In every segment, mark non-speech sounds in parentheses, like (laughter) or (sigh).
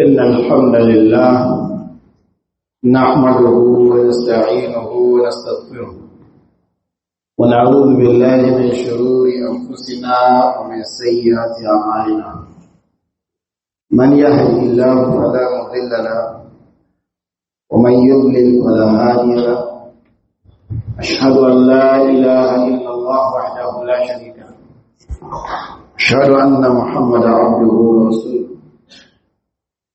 إن الحمد لله نحمده ونستعينه ونستغفره ونعوذ بالله من شرور أنفسنا ومن سيئات أعمالنا من يهد الله فلا مضل له ومن يضلل فلا هادي له أشهد أن لا إله إلا الله وحده لا شريك له أشهد أن محمدا عبده ورسوله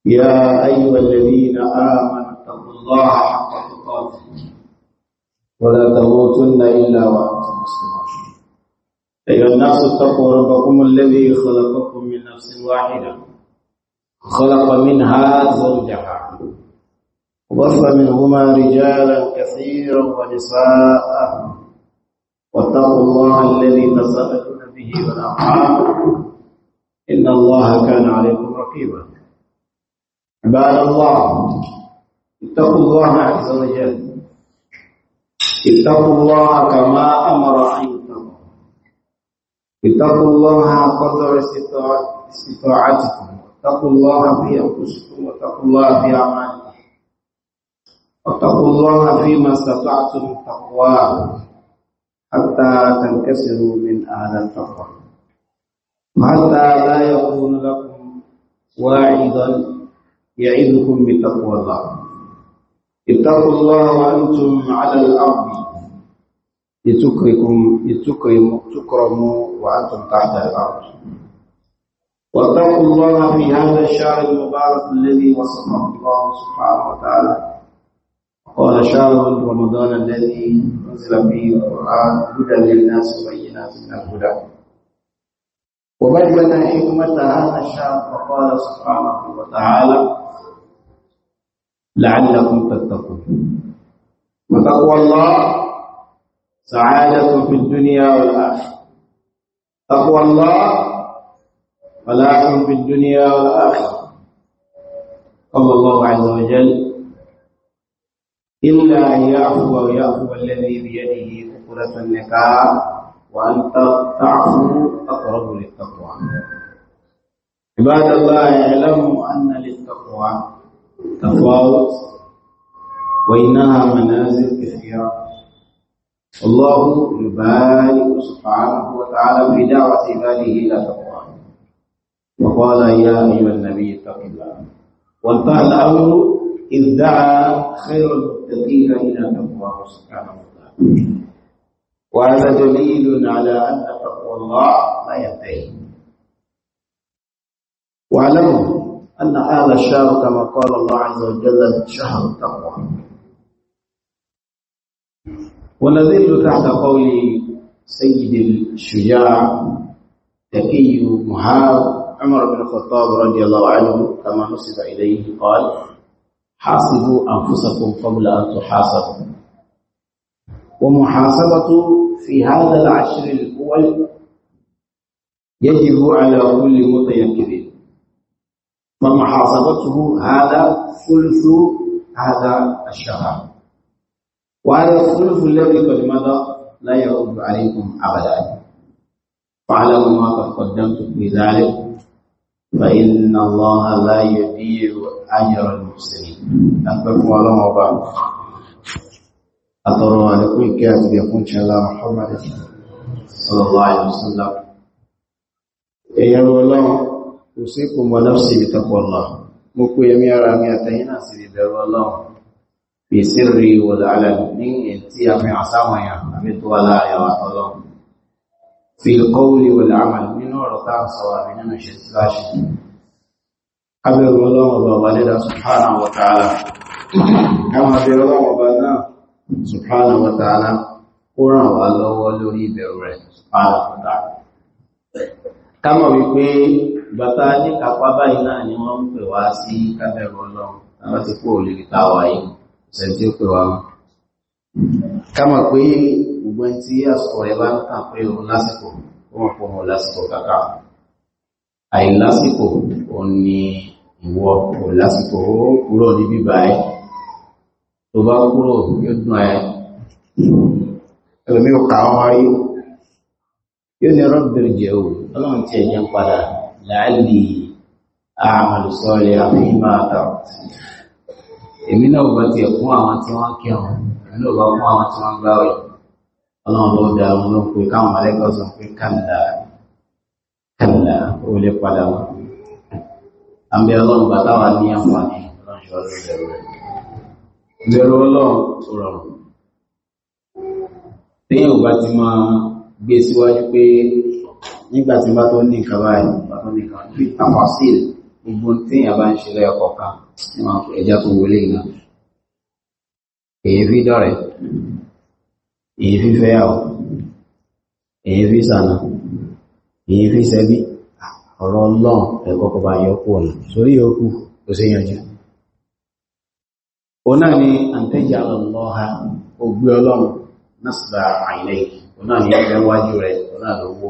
يا أيها الذين آمنوا اتقوا الله حق تقاته ولا تموتن إلا وأنتم مسلمون أيها الناس اتقوا ربكم الذي خلقكم من نفس واحدة خلق منها زوجها وبث منهما رجالا كثيرا ونساء واتقوا الله الذي تساءلون به والأرحام إن الله كان عليكم رقيبا عباد الله اتقوا الله عز وجل اتقوا الله كما أمر أن يتقوا اتقوا الله قدر استطاعتكم اتقوا الله في أنفسكم واتقوا الله في أعمالكم واتقوا الله فيما استطعتم تقواه حتى تنكسروا من أهل التقوى حتى لا يكون لكم واعظا يعظكم بتقوى الله اتقوا الله وأنتم على الأرض لتكركم لتكرموا تكرموا وأنتم تحت الأرض واتقوا الله في هذا الشهر المبارك الذي وصفه الله سبحانه وتعالى قال شهر رمضان الذي أنزل فيه القرآن هدى للناس وبينات من الهدى وبين حكمة هذا الشهر فقال سبحانه وتعالى لعلكم تتقون وتقوى الله سعادة في الدنيا والآخرة تقوى الله فلاح في الدنيا والآخرة قال الله عز وجل إلا أن يعفو ويعفو الذي بيده عقدة النكاح وأن تعفو أقرب للتقوى عباد الله اعلموا أن للتقوى تفاوت بينها منازل كثيرة الله يبارك سبحانه وتعالى في دعوة عباده إلى تقواه وقال يا أيها النبي اتق الله وانتهى الأمر إذ دعا خير المتقين إلى تقواه سبحانه وتعالى وهذا دليل على أن تقوى الله لا ينتهي واعلموا أن هذا الشهر كما قال الله عز وجل شهر التقوى ونزلت تحت قول سيد الشجاع تقي مهاب عمر بن الخطاب رضي الله عنه كما نسب إليه قال حاسبوا أنفسكم قبل أن تحاسبوا ومحاسبة في هذا العشر الأول يجب على كل متيقظ ومحافظته هذا ثلث هذا الشهر وهذا الثلث الذي قد مضى لا يرد عليكم ابدا فاعلموا ما قد قدمتم في ذلك فان الله لا يضيع اجر المحسنين اتقوا الله وبعد أترى كل كاتب يقول شاء الله محمد صلى الله عليه وسلم إيه يا الله أوصيكم ونفسي بتقوى الله مكو يمي رامي أتهينا سيدي دار الله في سري والعلن من انتيا في عصاما يا أمي طوالا يا الله في القول والعمل من ورطان سوا من نشتلاش أبي الله وبالله سبحانه وتعالى كما أبي الله وبالله سبحانه وتعالى قرآن الله ولوري بأوره سبحانه وتعالى كما بيقول bàtà ní kápá báyìí náà ni wọ́n ń pè wá sí kábẹ̀rù ọlọ́run àwọn ti kú òlè ta wáyé ṣe tí ó pè wá mọ́ ká mọ̀ pé gbogbo ẹni tí àsìkò rẹ̀ bá ń kà pé òun lásìkò ó mọ̀ pọ̀ mọ̀ lásìkò kàkà àìlásìkò ò ní ìwọ ò lásìkò ó kúrò ní bíbá yóò ní rọ́bìnrin jẹ́ òun ọlọ́run ti ẹ̀yẹn padà لعلي أعمل صالحا فيما تركت èmi náà bá tiẹ̀ fún àwọn tí wọ́n kírun èmi náà bá fún àwọn tí wọ́n gbá ọ̀rọ̀ ọlọ́run ló da ọ̀run ló pé káwọn mọ̀lẹ́kọ̀ọ́ sọ pé kàlà kàlà ó lè padà wá àmì ọlọ́run bàtà wà ní àǹfààní ọlọ́run yọ ọdún bẹ̀rù rẹ̀ ọlọ́run tó rọrùn téèyàn bá ti máa gbé e síwájú pé nígbà tí bá tó ní nǹkan báyìí bá tó ní nǹkan bí àwọn sílẹ̀ gbogbo tí èèyàn bá ń ṣe lẹ́ọ̀kọ̀ kan ní wọn ẹja tó wọlé iná èyí fi dọ̀rẹ̀ ọ̀rọ̀ ọlọ́run ẹ̀kọ́ kọba yọkù ọ̀nà sórí yòókù tó ṣe yanjú òun náà ni àǹtẹ́jà ọlọ́ha ògbé ọlọ́run náà sì bá àìlẹ́yìn òun náà ni ẹgbẹ́ wájú rẹ̀ òun náà lówó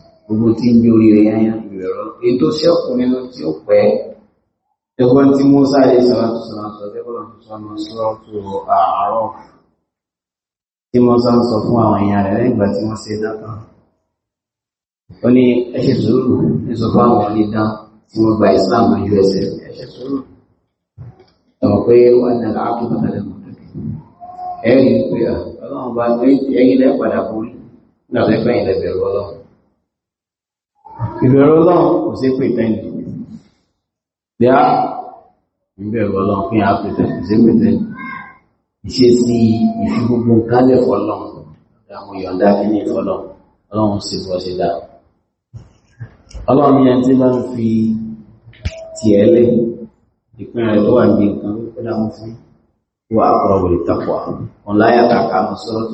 gbogbo tí ń jó rírẹ yáyá ìrọ̀rọ̀ èyí tó ṣẹ́kù nínú tí ó pẹ́ ẹgbọ́n tí mo sáré sọ́nàtò sọ́nàtò ẹgbọ́n sọ́nà sọ́nàtò àárọ̀ tí mo sá ń sọ fún àwọn èèyàn rẹ̀ lẹ́gbà tí wọ́n ṣe dákan ó ní ẹṣẹ̀ sùúrù ní sọ fún àwọn onídán tí wọ́n gba Islam ní USA ẹṣẹ̀ sùúrù ẹ̀mọ̀ pé wọ́n ní aláàbò pàtàkì ẹ̀rí pé ah, ọlọ́run bá ẹ̀yìn lẹ́pàdà fún nígbà tó ẹ̀fẹ́ ìlẹ̀bẹ̀rù ọlọ́run ìbẹ̀rù ọlọ́run kò sí pè tẹ́yìn bí a ìbẹ̀rù ọlọ́run fún yàá pè tẹ́yìn kò sí pè tẹ́yìn ìṣe sí ìfi gbogbo kálẹ̀ fọlọ́run àwọn yọ̀ǹda kíní fọlọ́run ọlọ́run sì bọ́ sí dáa ọlọ́run ní ẹni tí bá ń fi tiẹ̀ lẹ̀ ìpín rẹ̀ kàkà mọ̀ sọ́rọ̀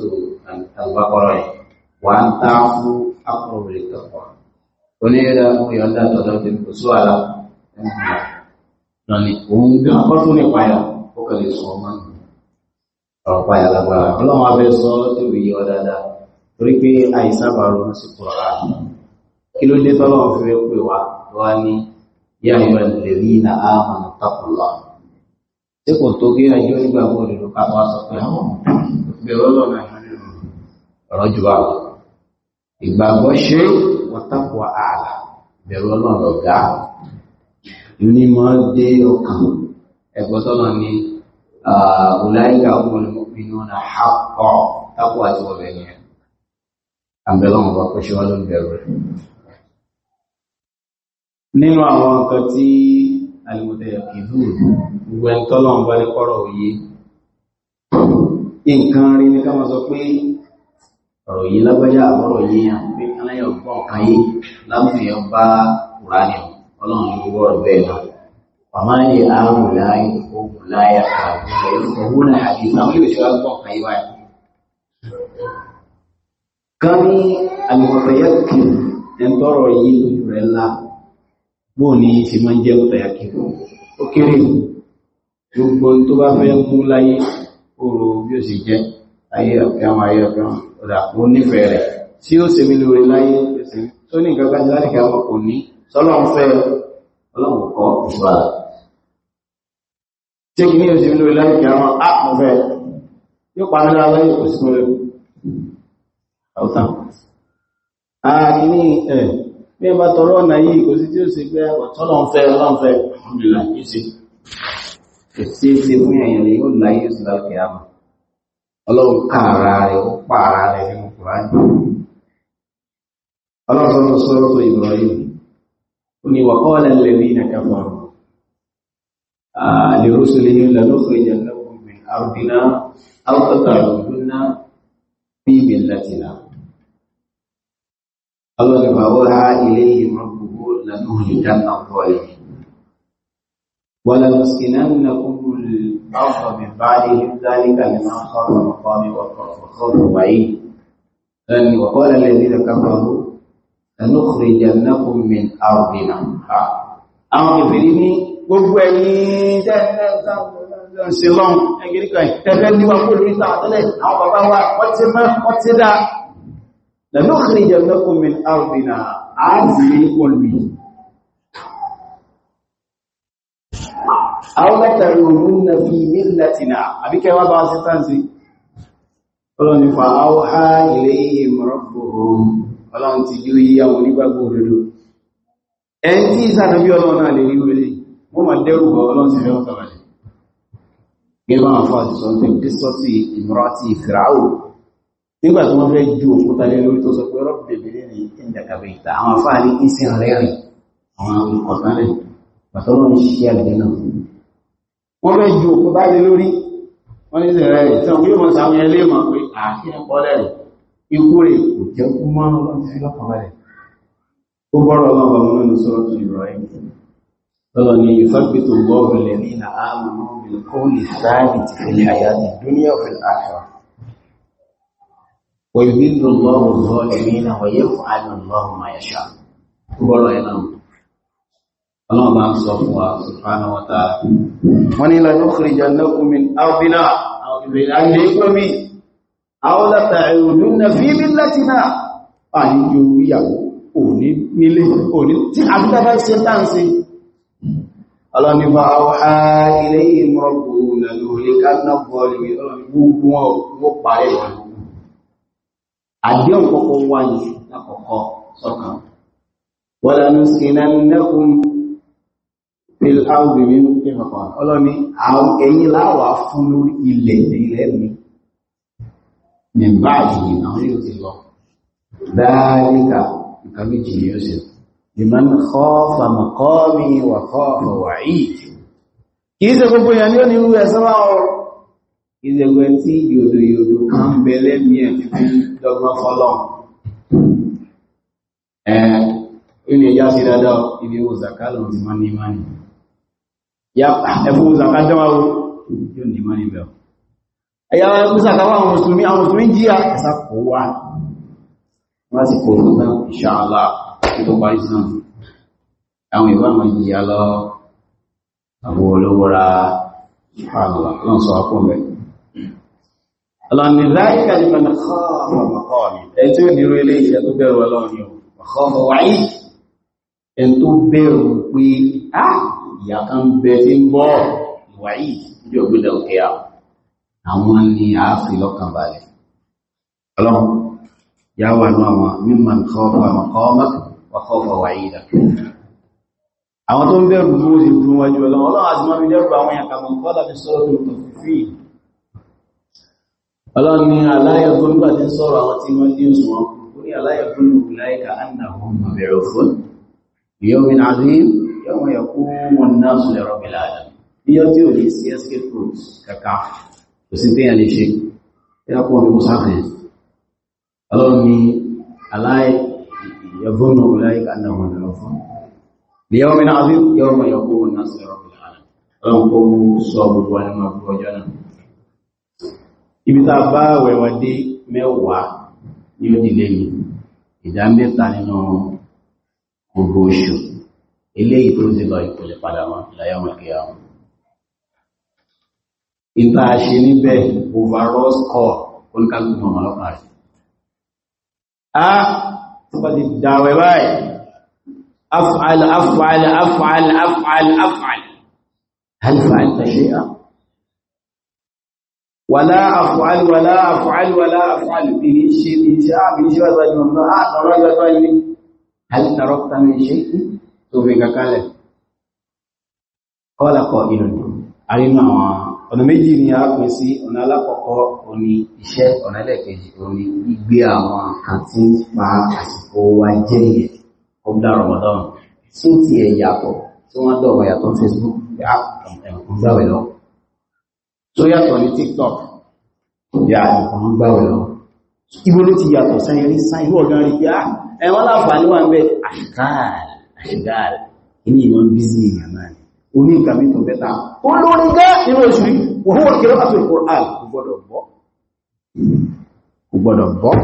tó àgbàkọrọ̀ yẹn wà ń tá fún àkọrọ̀wò ìtàpọ̀ oníyẹ́dá ìyọ̀ndà tọ̀dọ̀ ti kò sí wàhálà lọ́ni òun gbé ọkọ̀ tó ní ìpayà ó kẹ̀lé sọ ọmọ nù ọ̀rọ̀ payà lágbára ọlọ́run abẹ́ sọ èrò yìí ọ dáadáa torí pé àìsábà ronú sí kọ̀ ọ̀rá kí ló dé tọ́lọ́ fi fẹ́ pè wá wá ní yá ìwà ìlérí na áhùn takùnlọ tí kò tó kí ajé onígbàgbọ́ òdòdó ká wá sọ pé àwọn bẹ̀rẹ̀ ìgbàgbọ́ ṣe wọ́tàpọ̀ ààlà bẹ̀rù ọlọ́run ọ̀gá ní máa dé ọkàn ẹ̀gbọ́n tọ́lọ́ ni ọ̀láyíká ọmọ ìmọ̀pinnu na hapọ̀ tápọ̀ àti ọ̀bẹ̀ yẹn àbẹ̀lọ́run ọba kó ṣe wá lórí bẹ̀rù rẹ̀ nínú àwọn nǹkan tí alìmọ̀tẹ̀ ìlú ni ká ọ̀rọ̀ yìí lágbájá àbọ̀rọ̀ yìí hàn pé aláyọ̀ gbọ́ ọ̀kan yìí lámùfihàn bá kùránì ọlọ́run ló wọ́ ọ̀rọ̀ bẹ́ẹ̀ lọ. Màmá ní àrùn láyé ogun láyà kàwé owó náà àti ìsàwọn yóò ṣe wá gbọ́ ọ̀kan yìí wáyé. Kan ní àlùmọ̀tẹ̀yàkì ẹ̀ ń tọrọ yìí lójú rẹ̀ ńlá. Bóò ni ti máa ayé ọ̀fẹ́wọ̀n ayé ọ̀fẹ́wọ̀n ọ̀dà ó nífẹ̀ẹ́ rẹ̀ tí ó ṣe mi lórí láyé tó ní nǹkan kan láti kí àwọn kò ní sọ́lọ́run fẹ́ ọlọ́run kọ́ ìṣúra tí kì ní ó ṣe mi lórí láyé kí àwọn ápùn ah, fẹ́ yóò pa mí lára láyé kò sí mú ọ̀tá àkíní ẹ̀ bí ẹ ọlọ́run ká ara rẹ̀ ó pa ara rẹ̀ nínú kùránì ọlọ́run sọ sọ́rọ̀ tó Ibrahim ó ní wàkọ́ọ̀lẹ̀ lẹ́bí na kẹfà àlèrúsùlẹ̀ lọ́lọ́fẹ́ ìjẹ̀lẹ́kùn min ardina alkọta lọ́dúnná bí ولنسكننكم الأرض من بعدهم ذلك لمن خاف مقامي وخاف وعيد وقال الذين كفروا لنخرجنكم من أرضنا àwọn ìfìrí ní gbogbo ẹ̀yìn tẹ́lẹ̀sẹ̀lọ́n ẹgbẹ̀ríkà tẹ́fẹ́ níwà kúrò ní tààtẹ́lẹ̀ àwọn bàbá wa wọ́n ti mẹ́ àwọn mẹ́tàrún na fi mílẹ̀tìnà àbíkẹwà bá sí tánzí ọlọ́ni fa áwọ́ ha ilẹ̀ iye mọ̀rọ̀bùrùn ọlọ́run ti yíó yíya wọn nígbàgbọ́ òdodo ẹn tí ìsànàbí ọlọ́run náà lè rí wọlé wọ́n ma dẹ́rù bọ̀ ọlọ́run ti fẹ́wọ́ kàbàlẹ̀ gẹ́gbà wọn fọ́ àtìsọ́ pé kírísọ́tì ìmúra ti fìràwò nígbà tí wọ́n fẹ́ ju òkúta ní ìdàkàbẹ̀ ìta àwọn àtọ́lọ́ ń ṣe àgbẹ̀ náà wọ́n lọ ju òkú báyìí lórí wọ́n ní ìrẹ̀ rẹ̀ tí wọ́n yóò mọ̀ sáwọn ẹlé mọ̀ pé àfihàn pọ́lẹ̀ rẹ̀ ikú rẹ̀ kò jẹ́ kú mọ́ ọlọ́run fi lọ́kàn ó gbọ́rọ̀ ọlọ́run ọmọ nínú sọ́rọ̀ tó ìrọ̀ ayé lọ́lọ́ ni ní ìlà في الحياة الدنيا وفي الآخرة ويذل الله الظالمين ويفعل الله ما يشاء ولا ọlọ́run bá ń sọ fún wa subhanahu wa ta'ala wọ́n ní la nukhrijannakum min ardina àìlè ìpẹ́mí àwọ́látà ìrònúnà fi millatina àyíjò ìyàwó òní nílé òní tí àbútàbá ṣe táǹsí ọlọ́nìfà àwọ̀há ilé ìmọ̀rọ̀gbòrò nà lórí kánàbọ̀lì gbogbo wọn parẹ́ àdéhùn kọ́kọ́ wáyé lákọ̀ọ́kọ́ sọ́kàn wọ́n lánú sí náà pẹ̀lú áwùgbè mi kẹfàfà ọlọ́ni àwọn ẹ̀yìn láwà fún lórí ilẹ̀ ilẹ̀ mi ní báyìí àwọn yóò ti lọ dáríkà nǹkan méjì ni ó sì ìmọ̀ ní kọ́ọ̀fà mọ̀kọ́ọ̀mí wà kọ́ọ̀fà wà yìí kìí ṣe gbogbo èèyàn ní ó ní irú tí yòdò yòdò kan ń bẹ ẹ̀ fi dọ́gbọ́n fọ́lọ́ ẹ̀ ó ní sí dáadáa ibi owó ti máa ní máa nìyàn ẹkù zàkájọ́wà ó yóò ní mọ́ níbẹ̀ ẹ̀yà ẹkù zàkáwà àwọn mùsùlùmí àwọn mùsùlùmí jíyà ẹ̀sà kò wá wọ́n sì kò rú náà ìṣàlá tó parí sàn àwọn ìwà àwọn ìyà lọ àbò olówóra ìṣàlá lọ́n sọ akọ́ mẹ́ alàmìláìkà ìfẹ̀lẹ̀ kọ́ọ̀rọ̀ mọ̀kọ́ mi ẹ̀ tí ó nírú ilé ìṣẹ́ tó bẹ̀rù ọlọ́run yóò mọ̀kọ́ mọ̀ wáyé ẹ̀ tó bẹ̀rù pé ah ìyà kan bẹ tí ń bọ́ ìwà yìí ní ọgbẹ́dẹ̀ òkè à àwọn ni a fi lọ́kàn balẹ̀ ọlọ́run yá wà ní àwọn mímọ̀ nǹkan ọ̀fọ̀ àwọn kọ́ mọ́kù wọ́kọ́ ọ̀fọ̀ wà yìí dà àwọn tó ń bẹ̀rù bí wọ́n ti dún wájú ọlọ́run ọlọ́run àti mọ́mí yawma yaqumu an-nasu li rabbil alamin níjọ́ tí ò lè sí escape route kàkà kò sí téèyàn lè ṣe yá pọ̀ ní musáfẹ́ ọlọ́run ni aláì yọgbọ́nà ọláì kàndà wọn lọ fún ní yawmi azim yawma yaqumu an-nasu li rabbil alamin ọlọ́run kó mú sọ gbogbo wa nínú ọgbọ ọjọ́ náà ibi tá a bá wẹ̀wà dé mẹ́wàá ní ó dìlé yìí ìdá mẹ́ta nínú gbogbo oṣù eléyìí tó ti lọ ìpìlẹ̀ padà wọn láyọ́mọ̀kíyà wọn ìta ṣe níbẹ̀ overall score oníkàgbùn ọmọ ọlọ́pàá rẹ̀ a tó bá ti dáwẹ̀ báyìí af'al af'al af'al af'al af'al hal fa'alta shay'a wala af'al wala af'al wala af'al bi shay'in sha'a bi shay'in wa la ta'lamu ma a'lamu hal tarakta min shay'in tó fi kankanlẹ̀ kọ́lákọ̀ inú àrínú àwọn ọ̀nà méjì ni a pín sí ọ̀nà alákọ̀ọ́kọ́ oní iṣẹ́ ọ̀nà ẹlẹ́kẹ̀ẹ́jì oní gbígbé àwọn kan tí ń pa àsìkò wa jẹ́ yẹn Ramadan tí ó ti ẹ̀ yàtọ̀ tí Facebook yà ẹ̀kùn gbàwẹ̀ lọ tó yàtọ̀ ní TikTok yà ẹ̀kùn gbàwẹ̀ lọ ibo ló ti yàtọ̀ sẹ́yìn ní sáyìn wọ́n gan rí pé ah, ẹ̀wọ́n láǹfààní wà ń bẹ àkáàlì àṣìgáàrì inú ìmọ̀ bízí ìyàmá ni ó ní nǹkan mítọ̀ bẹ́ta ó lórí gẹ́ inú oṣù rí wọ́n wọ́n kìrọ àti ìkòrán kò gbọ́dọ̀ bọ́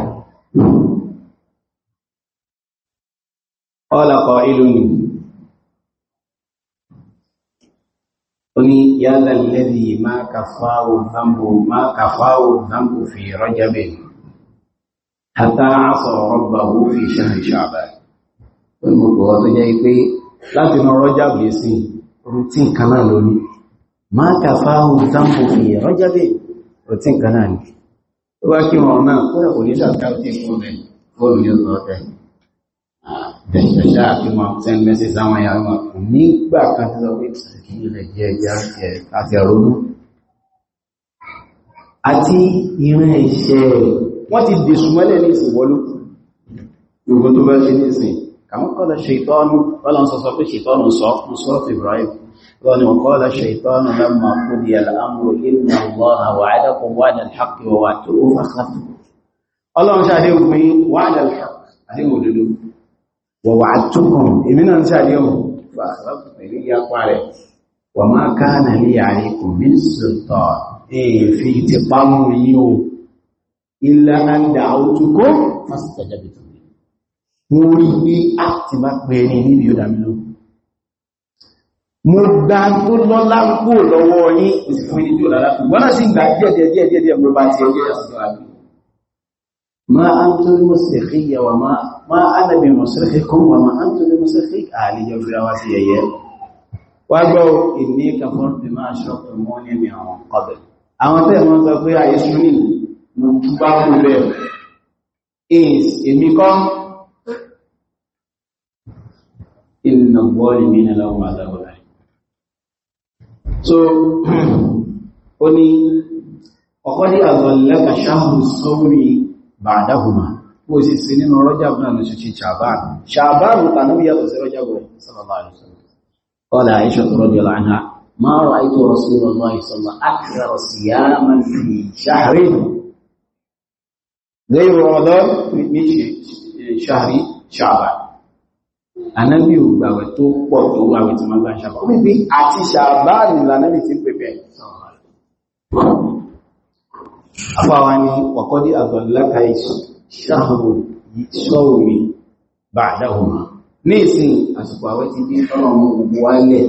ọlọ́kọ̀ ìlú ni ó ní yálà lẹ́dí máa kàfáwò zambo fi rọ́jábẹ̀ hàtà fi ṣáà ṣàbáyé gbogbo wọn tó jẹ́ pé láti mọ rọ́jà bèé sí rutin kan náà lórí máa tàfáhù zambo fi rọ́jà bèé rutin kan náà ni tó bá kí wọn náà kó ẹ̀kọ́ nígbà káàkiri fún rẹ̀ fóònù yóò lọ tẹ̀ tẹ̀sẹ̀ṣẹ́ àti wọn send message àwọn ìyàwó wọn kò nígbà kan tó lọ pé kìí ilẹ̀ jẹ́ ẹja àti àrónú àti ìran ẹ̀ṣẹ̀ wọ́n ti dèṣùmọ́lẹ̀ ní ìsìnwọ́lú gbogbo tó bá ṣe ní ìsìn كما قال الشيطان قال أن صصف الشيطان صف مصف إبراهيم قال وقال الشيطان لما قضي الأمر إن الله وعدكم وعد الحق ووعدته فأخلفتكم الله أنشأ عليكم وعد الحق عليكم دلو ووعدتكم إمن أنشأ عليكم فأخلفتكم إلي أقوالي وما كان لي عليكم من سلطان إيه في تقام يوم إلا أن دعوتكم فاستجبتم mo rí pé àti máa pẹ ní níbi yóò dámi ló mo gbá tó lọ́lá ń kó lọ́wọ́ yí ìsìnkú ní tó lára wọ́n náà sì gbà díẹ̀díẹ̀díẹ̀ mo bá ti ẹgbẹ́ ẹ̀sùn ma antum musrikhiya wa ma ma ana bi musrikhikum wa ma antum bi musrikhi ali jawra wa siyaya wa gbo inni kafartu àwọn te mo sọ pé ayesu ni mo tuba ku be is inna zalimina lahum adhabun alim so (clears throat) ó ní ọkọ́ dí àzọ̀lẹ́kà ṣáàrù sọ́rí ba'dahuma bó sì sí nínú rọ́jà náà ló ṣe ṣàbáà ṣàbáà tàbí yàtọ̀ sí rọ́jà sallallahu alaihi wasallam قال عائشة رضي الله عنها ما رأيت رسول الله صلى الله عليه وسلم أكثر صياما في شهر غير رمضان من شهر شعبان ànábì ò gbàwẹ̀ tó pọ̀ tó wàwẹ̀ tí wọ́n gbà ń ṣàbà wípé àti ṣàbáàrì lànábì ti ń pèpẹ̀ ni wàkọ́dí àgbàláka ìṣàhùrù sọ́rùmí bá dáhùmá ní ìsìn àsìkò àwẹ̀ ti bí ọlọ́run gbogbo wálẹ̀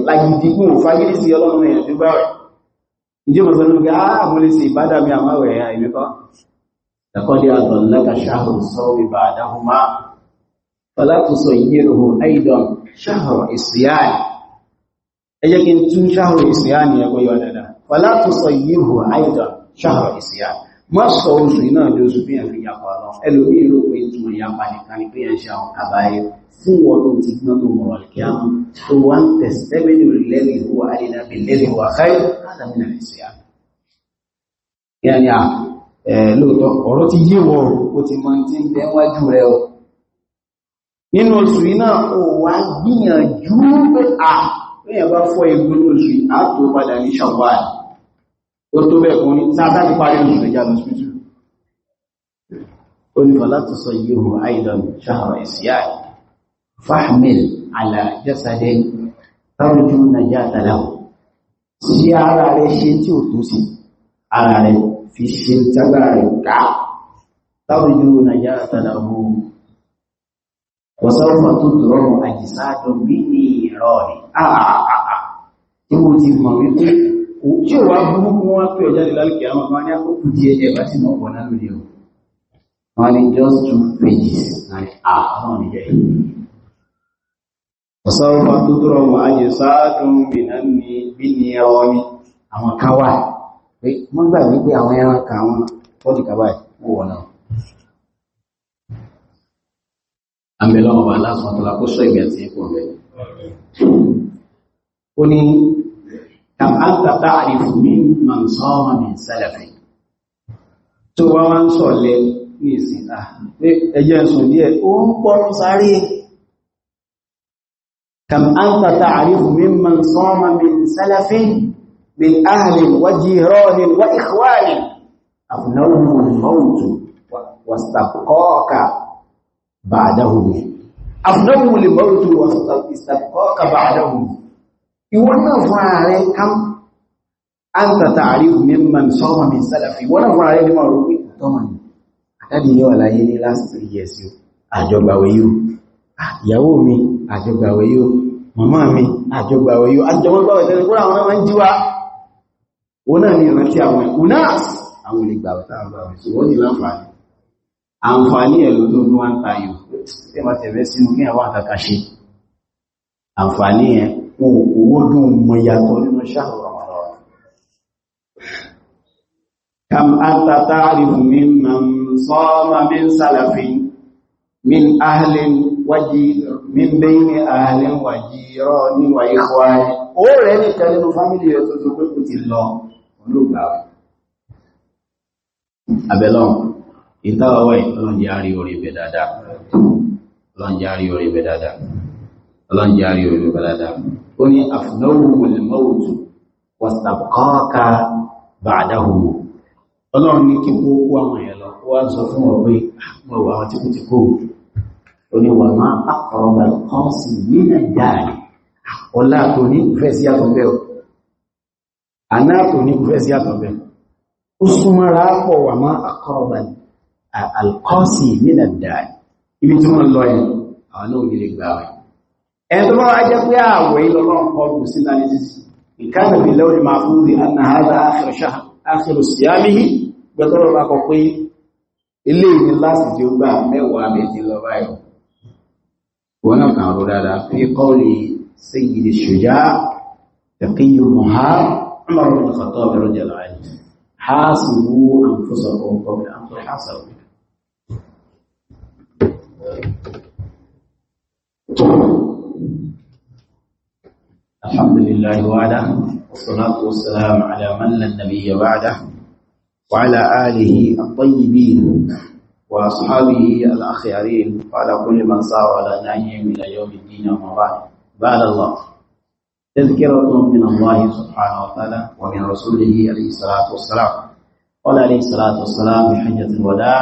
فلا تصيره أيضا شهر إصيان أجاك تون شهر إصيان يا بيو دادا فلا تصيره أيضا شهر إصيان ما صوص هنا جوز بيان في يقوى الله ألو بيرو بيتما يقوى كان بيان شهر أبايل فوض تكنا تمر الكيام وأن تستبدل الذي هو أدنى بالذي هو خير هذا من الإصيان يعني لو تو ọ̀rọ̀ ti yíwọ̀ ó ti mọ́ tí ń bẹ́ wájú rẹ̀ ọ́ nínú oṣù iná ò wá gbìyànjú pé à lẹ́yìn bá fọ́ egun ní oṣù àtò padà ní ṣàwárí ó tó bẹ́ẹ̀ kún ní sáàtà ti parí oṣù rẹ̀ jáde hospital ó ní fọ́lá tó sọ yìí ohun aidan ṣàhàrà ìsíyà fahmil ala jásàdé tárùjú nàíjà wọ́sọ́rọ̀ mọ̀ tó tọrọ àyíṣáàjọ bí ní ìrọ̀ rẹ̀ àà tí mo ti mọ̀ wípé tí ó wá burúkú wọ́n pè ọjọ́ ìlàlùkẹ́ àwọn ọmọ ní àkókò díẹ̀ ẹ̀ bá ti mọ̀ pọ̀ náà lórí ọ̀ wọ́n ní just two pages like àwọn ìjẹ́ wọ́sọ́rọ̀ mọ̀ tó tọrọ àyíṣáàjọ bí ní ah, ìrọ̀ ni àwọn kan wà pé wọ́n gbà wípé àwọn ẹran kan wọ́n kọ́ àmìlọ́wọ́ aláàsùn àtàlà kó sọ ìgbẹ̀ àti ipò rẹ̀. ó ní tàbátàtà àrífùmí ma ń sọ ọmọ mi sálẹ̀fẹ̀ tó wá wá ń sọ lẹ ní ìsìnká ah, pé ẹjẹ́ ẹ̀sùn díẹ̀ ó ń pọ́rún sáré tàbátàtà àrífùmí ma ń sọ ọmọ mi sálẹ̀fẹ̀ bí áhàlìn wájí rọ́ọ̀lìn wá ìkwáàlìn àfúnáwò mọ̀ọ̀tù بعدهم أفنهم الموت واستبقاك بعدهم يوانا فراري كم أنت تعرف ممن صام من سلفي وانا فراري لما روي طبعا àtàdì yóò àlàyé ní last three years yóò àjọgbàwẹ̀ yóò ìyàwó mi àjọgbàwẹ̀ yóò màmá mi àjọgbàwẹ̀ yóò àjọgbàwẹ̀ tẹ́lẹ̀ kúrò àwọn ọmọ jíwá wọ́n náà ní ìrántí àwọn àǹfààní ẹ̀ ló tó bí wọ́n ń tayò tí wọ́n tẹ̀fẹ́ sínú kí àwọn àkàkà ṣe àǹfààní ẹ̀ owó dùn mọ̀ yàtọ̀ nínú ṣáàrù Ramadan kam anta ta'rifu mimman sama min ìtawàwà ìlọ́njẹ́ àrí orí bẹ̀ dáadáa ọlọ́njẹ́ àrí orí bẹ̀ dáadáa ọlọ́njẹ́ àrí orí bẹ̀ dáadáa ó ní àfúnáwòwòlè mọ́wòtù wàsàkọ́ọ̀ka bàdáwò ọlọ́run ní kí kó kó àwọn èèyàn lọ ó wá sọ fún ọ pé ah, mo wà àwọn tí ah, kò ti kó súnmọ́ra pọ̀ wà máa àkọ̀rọ̀gbà yìí alkọ́sì nínà dáì ibi tí wọ́n lọ yìí àwọn náà nílé gbà wẹ̀ ẹ̀tọ́ bá wá jẹ́ pé àwẹ̀ ìlọ́lọ́run kọlù sí lálẹ́sìsì ìkáàbẹ̀ bí lẹ́wọ̀n máa fún rí àná àádá áfẹ́rù síyámihi gbẹ́tọ́rọ̀ bá kọ pé ilé ìní láti tí ó gbà mẹ́wàá méjì lọ báyìí wọn náà kàn rọ dáadáa fi kọ́ọ̀lì sayyidi shuja taqiyyu muhar umar bin khattab radiyallahu anhu hasibu anfusakum qabla an tuhasabu الحمد لله وعده والصلاة والسلام على من لا نبي بعده وعلى آله الطيبين وأصحابه الأخيارين وعلى كل من صار على نهجهم إلى يوم الدين وما بعد بعد الله تذكرة من الله سبحانه وتعالى ومن رسوله عليه الصلاة والسلام قال عليه الصلاة والسلام بحجة الوداع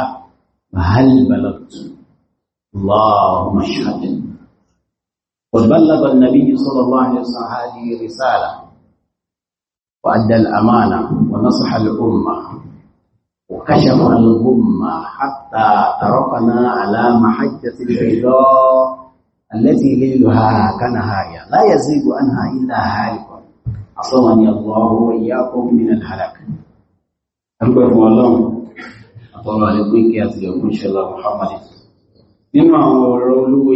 هل بلغت اللهم اشهد وبلغ النبي صلى الله عليه وسلم هذه رسالة وأدى الأمانة ونصح الأمة وكشف الغمة حتى تركنا على محجة البيضاء التي ليلها كنهاية لا يزيد عنها إلا هالك عصمني الله وإياكم من الهلاك أكبر الله أطلع لكم يا سيدي إن شاء الله محمد إنما هو ọ̀rọ̀ olówó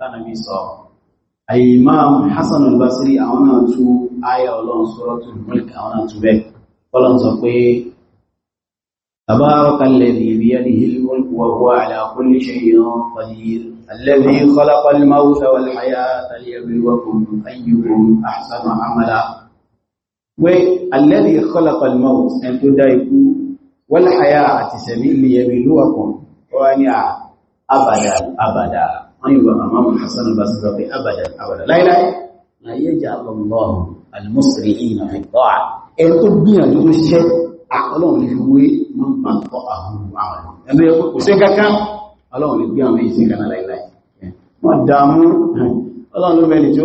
أنا tánàbí Imam Hassan al-Basri àwọn náà tú ayà ọlọ́run Suratul Mulk àwọn náà tú bẹ́ẹ̀ ọlọ́run sọ pé tabaraka alladhi biyadihi al-mulku wa huwa ala kulli shay'in qadir alladhi khalaqa al-mawta wal hayata liyabluwakum ayyukum ahsanu amala pé alladhi khalaqa al-mawt wọ́n ni wọ́n àmọ́ Hassan al-Basri sọ pé abadan abadan láíláí na yẹ jẹ́ alọ́lọ́run almusri ìnà ìtọ́ à ẹ tó gbìyànjú tó ṣiṣẹ́ ọlọ́run ní fi wé máa ń bá tọ́ àwọn àwọn ẹgbẹ́ kò sí kankan ọlọ́run ní bí àwọn èyí sí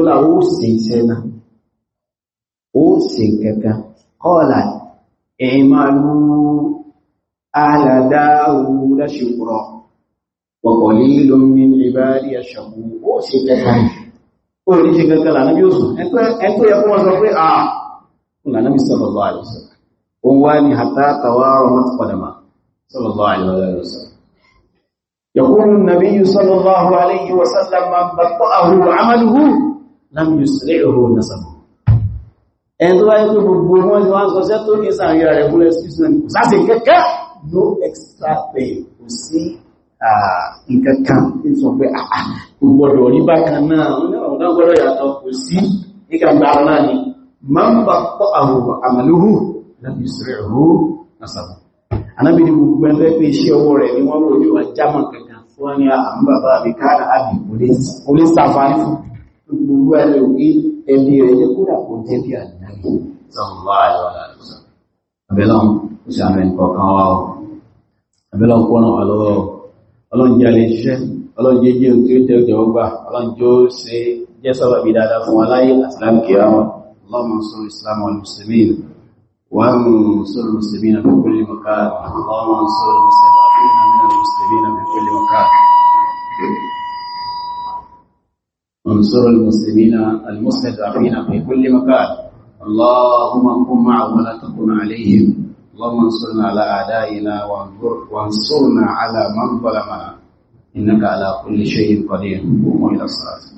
ó sì iṣẹ́ náà ó sì kankan kọ́ọ̀lá ẹ̀yìn máa وقليل من عبادي الشكور او سيكه هاي او ني سيكه كلا نبي يوسف انت انت يا قوم ربي اه كنا نبي صلى الله عليه وسلم وواني حتى توارى متقدما صلى الله عليه وسلم يقول النبي صلى الله عليه وسلم من بطأه عمله لم Ah, nǹkan kan ń sọ pé ah, ah, gbogbo rí bákan náà ọ̀nà gbọ́dọ̀ yàtọ̀ kò sí ìkàgbà náà ni ma ń bá pọ́ àwòrán àmàlúhù láti ìṣẹ̀rẹ̀ ìrú nasàbà anábìnrin gbogbo ẹgbẹ́ pé iṣẹ́ ọwọ́ rẹ̀ ni wọ́n rojú wa jámọ̀ kankan fún wọn ni àwọn bàbá àbí káàdà àbí olè sàfàní fún gbogbo ẹgbẹ́ òkè ẹbí rẹ̀ ní kúrà kò jẹ́ bí àdínábì sallallahu alaihi wasallam abẹ́lọ́n ó sì àmì nǹkan kan wá ọ abẹ́lọ́n wà lọ́wọ́ ọlọ́njẹ́ alẹ́ iṣẹ́ ọlọ́njẹ́ jẹ́ tí ó tẹ́ọ̀tẹ́ ọgbà ọlọ́njẹ́ ó ṣe jẹ́ sọ́bà bí اللهم انصر الاسلام والمسلمين وانصر المسلمين في كل مكان اللهم انصر المستضعفين من المسلمين في كل مكان انصر المسلمين المستضعفين في كل مكان اللهم كن معهم ولا تكن عليهم اللهم انصرنا على اعدائنا وانصرنا على من ظلمنا انك على كل شيء قدير قوموا الى الصلاة